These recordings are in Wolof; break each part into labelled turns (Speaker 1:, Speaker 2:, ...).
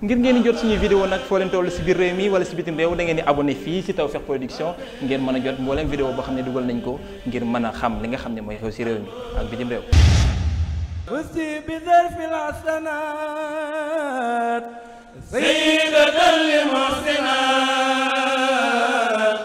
Speaker 1: ngir ngeen jot suñu vidéo nag foo leen toll si biir réew mi wala si bitim réew da ngeen di abonné fii si Tawfekh Production ngeen mën a jot mbooleem vidéo boo xam ne dugal nañ ko ngir mën a xam li nga xam ne mooy xew si réew mi ak bitim réew usi bi derfil hasanat sayyidatan lil muhsinat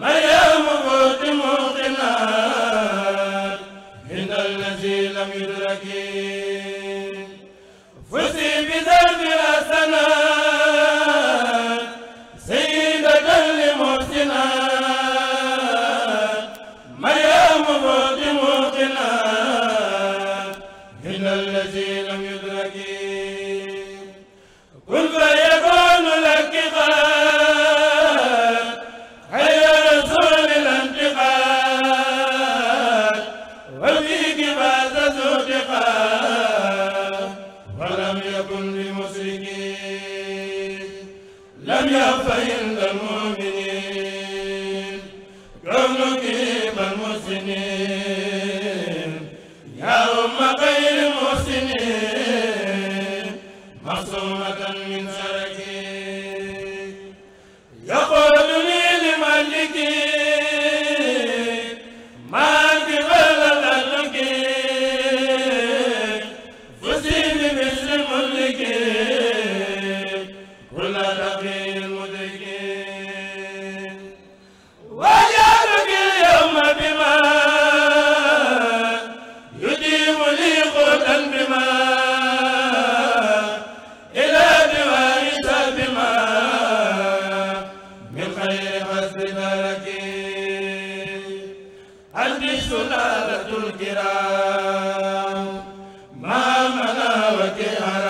Speaker 1: maryam bint muqinat min allazi lam yudraki Give مخصومة من سركي يقول لي لمالكي فزي بمثل ملكي كل تقيل maa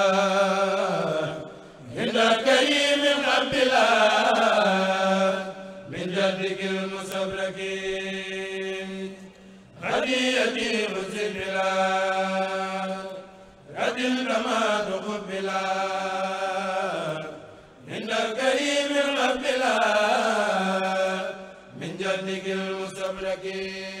Speaker 1: هديتي مسلم بلا رد الرماد قبلا عند الكريم القبلا من جدك المستبركين